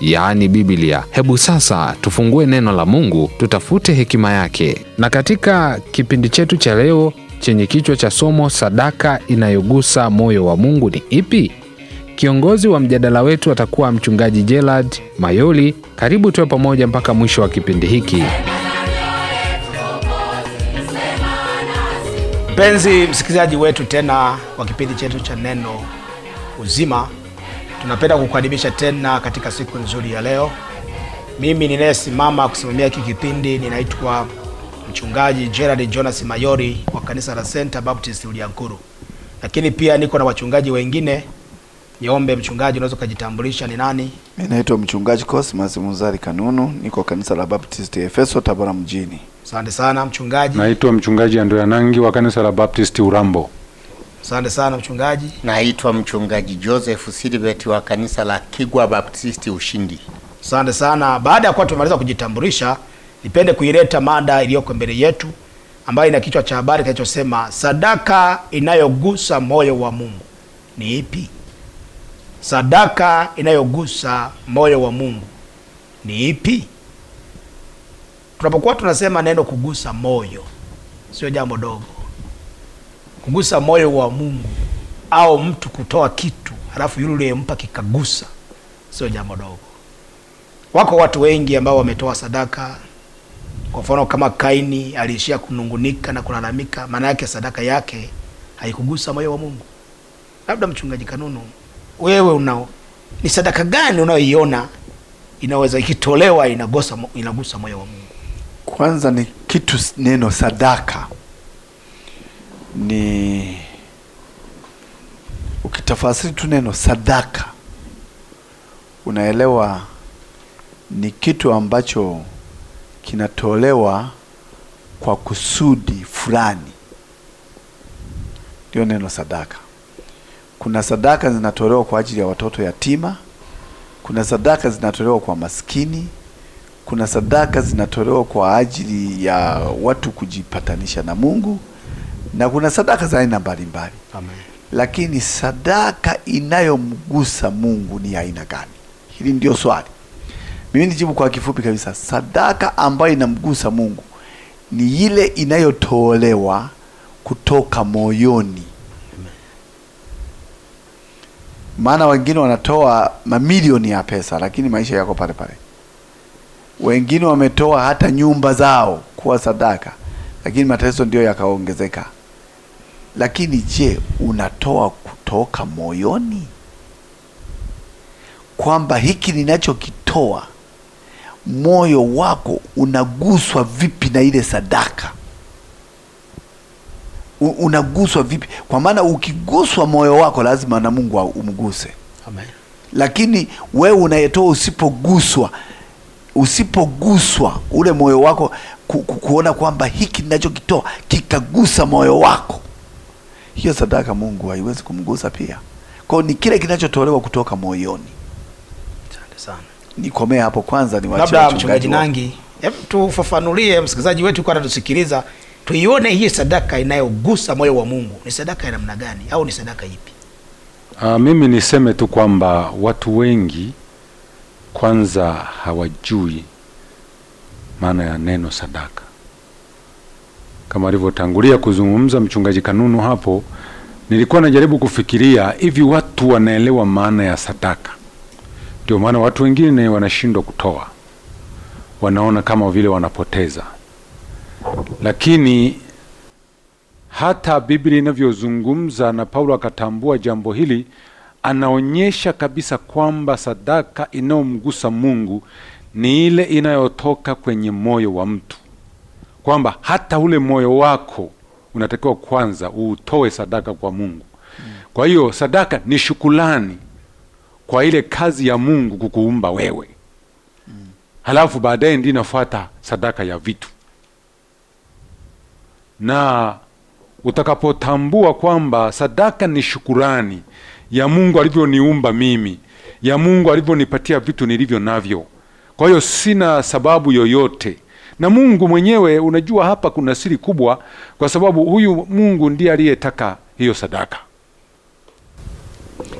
yaani Biblia. Hebu sasa tufungue neno la Mungu, tutafute hekima yake. Na katika kipindi chetu cha leo chenye kichwa cha somo sadaka inayogusa moyo wa Mungu ni ipi? Kiongozi wa mjadala wetu atakuwa mchungaji Gerald Mayoli. Karibu tuwe pamoja mpaka mwisho wa kipindi hiki. Mpenzi msikilizaji wetu tena wa kipindi chetu cha neno uzima Tunapenda kukukaribisha tena katika siku nzuri ya leo. Mimi ninayesimama kusimamia hiki kipindi ninaitwa Mchungaji Gerald Jonas Mayori wa kanisa la Center Baptist Uliankuru, lakini pia niko na wachungaji wengine. Niombe mchungaji, unaweza ukajitambulisha ni nani? Mimi naitwa Mchungaji Cosmas Muzari Kanunu, niko kanisa la Baptist Efeso, Tabora mjini. Asante sana mchungaji. Naitwa Mchungaji Andrea Nangi wa kanisa la Baptist Urambo. Asante sana mchungaji. Naitwa mchungaji Joseph Silvet wa kanisa la Kigwa Baptisti Ushindi. Asante sana. Baada ya kuwa tumemaliza kujitambulisha, nipende kuileta mada iliyoko mbele yetu ambayo ina kichwa cha habari kinachosema sadaka inayogusa moyo wa Mungu ni ipi? Sadaka inayogusa moyo wa Mungu ni ipi? Tunapokuwa tunasema neno kugusa moyo, sio jambo dogo kugusa moyo wa Mungu au mtu kutoa kitu halafu yule uliyempa kikagusa, sio jambo dogo. Wako watu wengi ambao wametoa sadaka. Kwa mfano kama Kaini aliishia kunungunika na kulalamika, maana yake sadaka yake haikugusa moyo wa Mungu. Labda mchungaji Kanunu, wewe unao ni sadaka gani unayoiona inaweza ikitolewa inagosa, inagusa moyo wa Mungu? Kwanza ni kitu neno sadaka ni ukitafasiri tu neno sadaka, unaelewa ni kitu ambacho kinatolewa kwa kusudi fulani, ndio neno sadaka. Kuna sadaka zinatolewa kwa ajili ya watoto yatima, kuna sadaka zinatolewa kwa maskini, kuna sadaka zinatolewa kwa ajili ya watu kujipatanisha na Mungu, na kuna sadaka za aina mbalimbali, lakini sadaka inayomgusa Mungu ni aina gani? Hili ndio swali. Mimi nijibu kwa kifupi kabisa, sadaka ambayo inamgusa Mungu ni ile inayotolewa kutoka moyoni. Maana wengine wanatoa mamilioni ya pesa, lakini maisha yako pale pale. Wengine wametoa hata nyumba zao kuwa sadaka, lakini mateso ndiyo yakaongezeka. Lakini je, unatoa kutoka moyoni, kwamba hiki ninachokitoa moyo wako unaguswa vipi na ile sadaka? Unaguswa vipi? Kwa maana ukiguswa moyo wako lazima na Mungu umguse. Amen. Lakini wewe unayetoa usipoguswa, usipoguswa ule moyo wako ku, ku, kuona kwamba hiki ninachokitoa kikagusa moyo wako, hiyo sadaka Mungu haiwezi kumgusa pia. Kwa hiyo ni kile kinachotolewa kutoka moyoni. Asante sana. Nikomee hapo kwanza, ni labda mchungaji Nangi, hebu tufafanulie msikilizaji wetu kwa anatusikiliza, tuione hii sadaka inayogusa moyo wa Mungu ni sadaka ya namna gani, au ni sadaka ipi? Aa, ah, mimi niseme tu kwamba watu wengi kwanza hawajui maana ya neno sadaka kama alivyotangulia kuzungumza mchungaji Kanunu hapo, nilikuwa najaribu kufikiria hivi watu wanaelewa maana ya sadaka. Ndio maana watu wengine wanashindwa kutoa, wanaona kama vile wanapoteza, lakini hata Biblia inavyozungumza na Paulo akatambua jambo hili, anaonyesha kabisa kwamba sadaka inayomgusa Mungu ni ile inayotoka kwenye moyo wa mtu kwamba hata ule moyo wako unatakiwa kwanza utoe sadaka kwa Mungu. Kwa hiyo sadaka ni shukulani kwa ile kazi ya Mungu kukuumba wewe, halafu baadaye ndi inafuata sadaka ya vitu, na utakapotambua kwamba sadaka ni shukurani ya Mungu alivyoniumba mimi, ya Mungu alivyonipatia vitu nilivyo navyo. Kwa hiyo sina sababu yoyote na Mungu mwenyewe. Unajua, hapa kuna siri kubwa, kwa sababu huyu Mungu ndiye aliyetaka hiyo sadaka,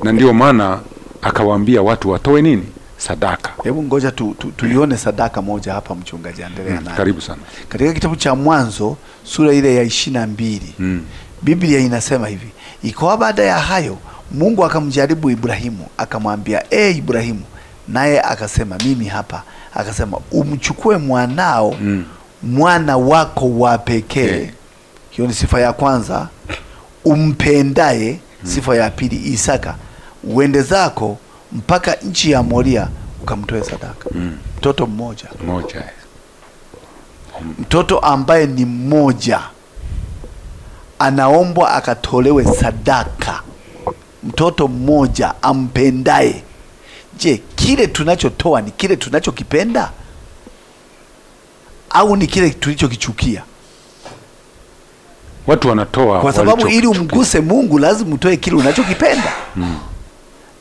na ndio maana akawaambia watu watoe nini? Sadaka. Hebu ngoja tu, tu, tulione sadaka moja hapa, mchungaji, endelea hmm, naye. Karibu sana. Katika kitabu cha Mwanzo sura ile ya ishirini na mbili mm. Biblia inasema hivi, ikawa baada ya hayo Mungu akamjaribu Ibrahimu akamwambia, e Ibrahimu, naye akasema mimi hapa akasema umchukue mwanao mm. mwana wako wa pekee yeah. hiyo ni sifa ya kwanza umpendaye mm. sifa ya pili Isaka uende zako mpaka nchi ya Moria ukamtoe sadaka mm. mtoto mmoja mmoja mtoto ambaye ni mmoja anaombwa akatolewe sadaka mtoto mmoja ampendaye. Je, kile tunachotoa ni kile tunachokipenda au ni kile tulichokichukia? Watu wanatoa kwa sababu, ili umguse Mungu lazima utoe kile unachokipenda. Mm.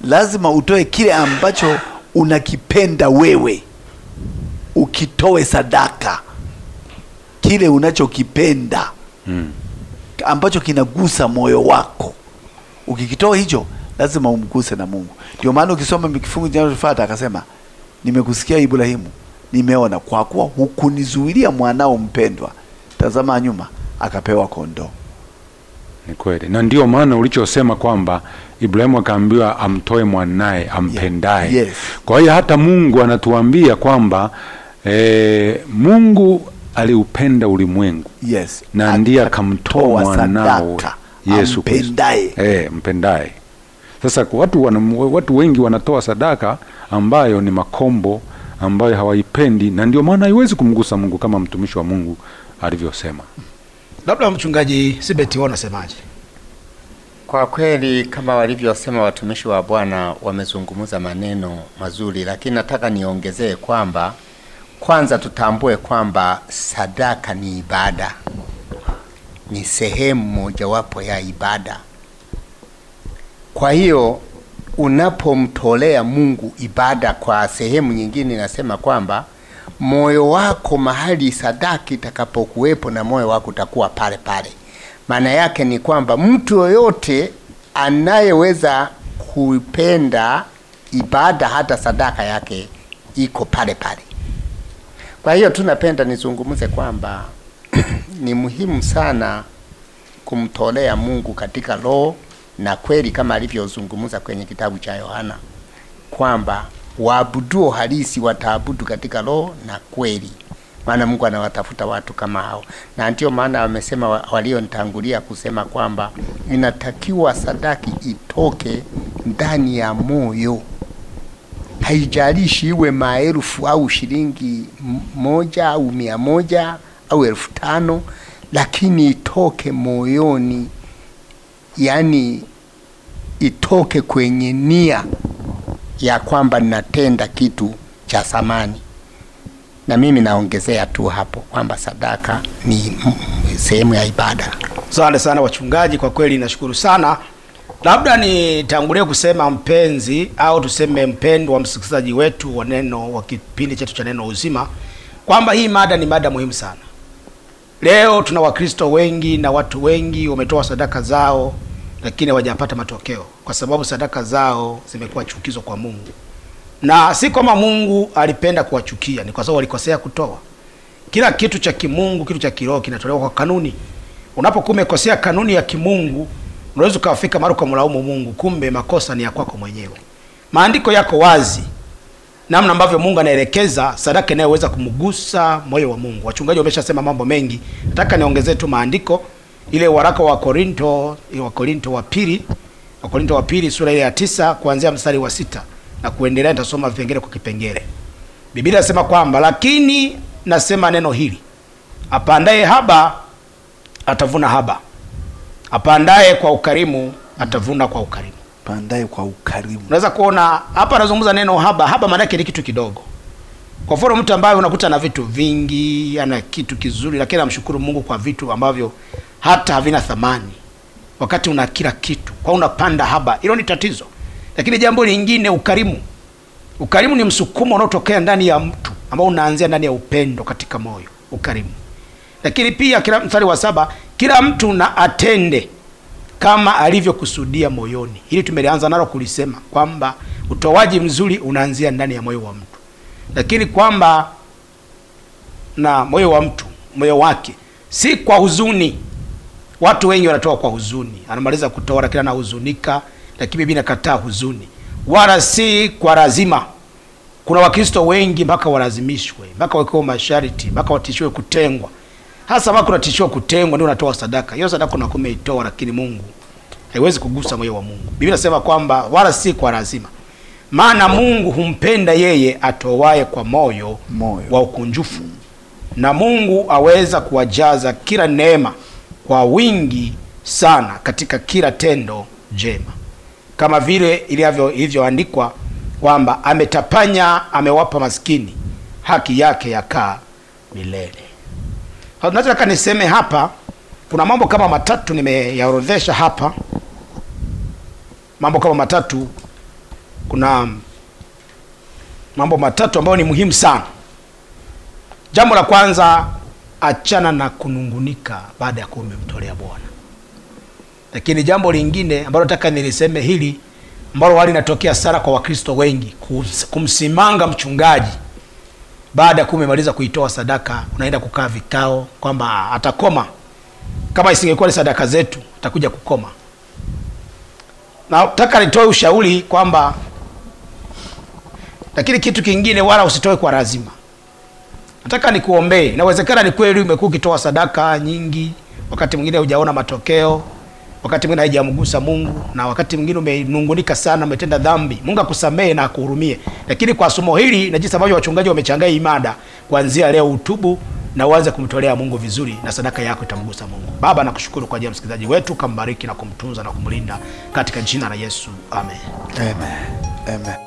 Lazima utoe kile ambacho unakipenda wewe, ukitoe sadaka kile unachokipenda mm, ambacho kinagusa moyo wako, ukikitoa hicho lazima umguse na Mungu. Ndio maana ukisoma kifungu kinachofuata akasema, nimekusikia Ibrahimu, nimeona kwa kuwa hukunizuilia mwanao mpendwa, tazama nyuma akapewa kondoo. Ni kweli, na ndio maana ulichosema kwamba Ibrahimu akaambiwa amtoe mwanaye ampendaye. Yes. Kwa hiyo hata Mungu anatuambia kwamba e, Mungu aliupenda ulimwengu. Yes. Na ndiye akamtoa mwanao Yesu Kristo. Mpendaye. Eh, mpendaye. Sasa watu, wana, watu wengi wanatoa sadaka ambayo ni makombo ambayo hawaipendi, na ndio maana haiwezi kumgusa Mungu kama mtumishi wa Mungu alivyosema. Labda mchungaji Sibeti, wao unasemaje? Kwa kweli kama walivyosema watumishi wa Bwana wamezungumza maneno mazuri, lakini nataka niongezee kwamba kwanza tutambue kwamba sadaka ni ibada, ni sehemu mojawapo ya ibada. Kwa hiyo unapomtolea Mungu ibada, kwa sehemu nyingine inasema kwamba moyo wako mahali sadaki itakapokuwepo na moyo wako utakuwa pale pale. Maana yake ni kwamba mtu yoyote anayeweza kupenda ibada hata sadaka yake iko pale pale. Kwa hiyo tunapenda nizungumze kwamba ni muhimu sana kumtolea Mungu katika roho na kweli kama alivyozungumza kwenye kitabu cha Yohana kwamba waabuduo halisi wataabudu katika roho na kweli, maana Mungu anawatafuta watu kama hao, na ndio maana wamesema walionitangulia kusema kwamba inatakiwa sadaki itoke ndani ya moyo, haijalishi iwe maelfu au shilingi moja au mia moja au elfu tano lakini itoke moyoni yani itoke kwenye nia ya kwamba natenda kitu cha thamani. Na mimi naongezea tu hapo kwamba sadaka ni sehemu ya ibada. Asante sana wachungaji, kwa kweli nashukuru sana. Labda nitangulie kusema mpenzi, au tuseme mpendo wa msikilizaji wetu wa neno wa kipindi chetu cha Neno Uzima, kwamba hii mada ni mada muhimu sana. Leo tuna Wakristo wengi na watu wengi wametoa sadaka zao lakini hawajapata matokeo kwa sababu sadaka zao zimekuwa chukizo kwa Mungu, na si kama Mungu alipenda kuwachukia, ni kwa sababu walikosea kutoa. Kila kitu cha kimungu, kitu cha kiroho kinatolewa kwa kanuni. Unapokuwa umekosea kanuni ya kimungu, unaweza ukafika mara mlaumu Mungu, kumbe makosa ni ya kwako mwenyewe. Maandiko yako wazi namna ambavyo Mungu anaelekeza sadaka inayoweza kumgusa moyo wa Mungu. Wachungaji wameshasema mambo mengi, nataka niongezee tu maandiko ile waraka wa Korinto, wa Korinto wa pili, wa Korinto wa pili sura ile ya tisa kuanzia mstari wa sita na kuendelea, nitasoma vipengele kwa kipengele. Biblia inasema kwamba lakini nasema neno hili, apandaye haba atavuna haba, apandaye kwa ukarimu atavuna kwa ukarimu. Apandaye kwa ukarimu, unaweza kuona hapa anazungumza neno haba. Haba maana yake ni kitu kidogo. Kwa mfano mtu ambaye unakuta na vitu vingi, ana kitu kizuri, lakini amshukuru Mungu kwa vitu ambavyo hata havina thamani, wakati una kila kitu, kwa unapanda haba. Hilo ni tatizo. Lakini jambo lingine, ukarimu. Ukarimu ni msukumo unaotokea ndani ya mtu ambao unaanzia ndani ya upendo katika moyo, ukarimu. Lakini pia kila mstari wa saba, kila mtu na atende kama alivyokusudia moyoni. Hili tumelianza nalo kulisema kwamba utoaji mzuri unaanzia ndani ya moyo wa mtu, lakini kwamba na moyo wa mtu moyo wake si kwa huzuni Watu wengi wanatoa kwa huzuni, anamaliza kutoa lakini anahuzunika, lakini Biblia nakataa huzuni, wala si kwa lazima. Kuna Wakristo wengi mpaka walazimishwe, mpaka wakiwa masharti, mpaka watishiwe kutengwa. Hasa mpaka unatishiwa kutengwa ndio unatoa sadaka. Hiyo sadaka unakuwa umeitoa, lakini Mungu haiwezi kugusa moyo wa Mungu. Biblia inasema kwamba wala si kwa lazima, maana Mungu humpenda yeye atowaye kwa moyo, moyo wa ukunjufu, na Mungu aweza kuwajaza kila neema kwa wingi sana katika kila tendo jema, kama vile ilivyoandikwa kwamba ametapanya, amewapa maskini, haki yake yakaa milele. Tunachotaka niseme hapa, kuna mambo kama matatu nimeyaorodhesha hapa, mambo kama matatu, kuna mambo matatu ambayo ni muhimu sana. Jambo la kwanza achana na kunungunika baada ya kuwa umemtolea Bwana. Lakini jambo lingine ambalo nataka niliseme hili, ambalo wali natokea sana kwa Wakristo wengi, kumsimanga mchungaji baada ya kuwa umemaliza kuitoa sadaka, unaenda kukaa vikao kwamba atakoma. Kama isingekuwa ni sadaka zetu, atakuja kukoma. Nataka nitoe ushauri kwamba, lakini kitu kingine, wala usitoe kwa lazima nataka nikuombee. Inawezekana ni kweli umekuwa ukitoa sadaka nyingi, wakati mwingine hujaona matokeo, wakati mwingine haijamgusa Mungu, na wakati mwingine umenungunika sana, umetenda dhambi. Mungu akusamee na akuhurumie. Lakini kwa somo hili na jinsi ambavyo wachungaji wamechangia imada, kuanzia leo utubu na uanze kumtolea Mungu vizuri na sadaka yako itamgusa Mungu. Baba, nakushukuru kwa ajili ya msikilizaji wetu, kambariki na kumtunza na kumlinda katika jina la Yesu, amen, amen. amen.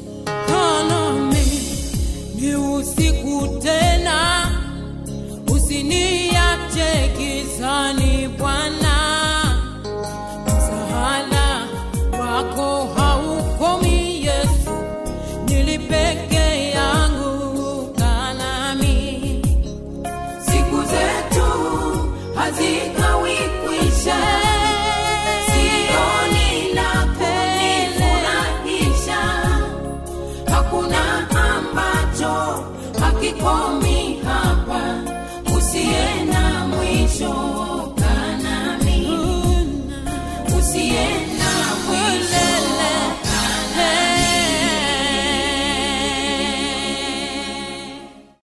Aziz.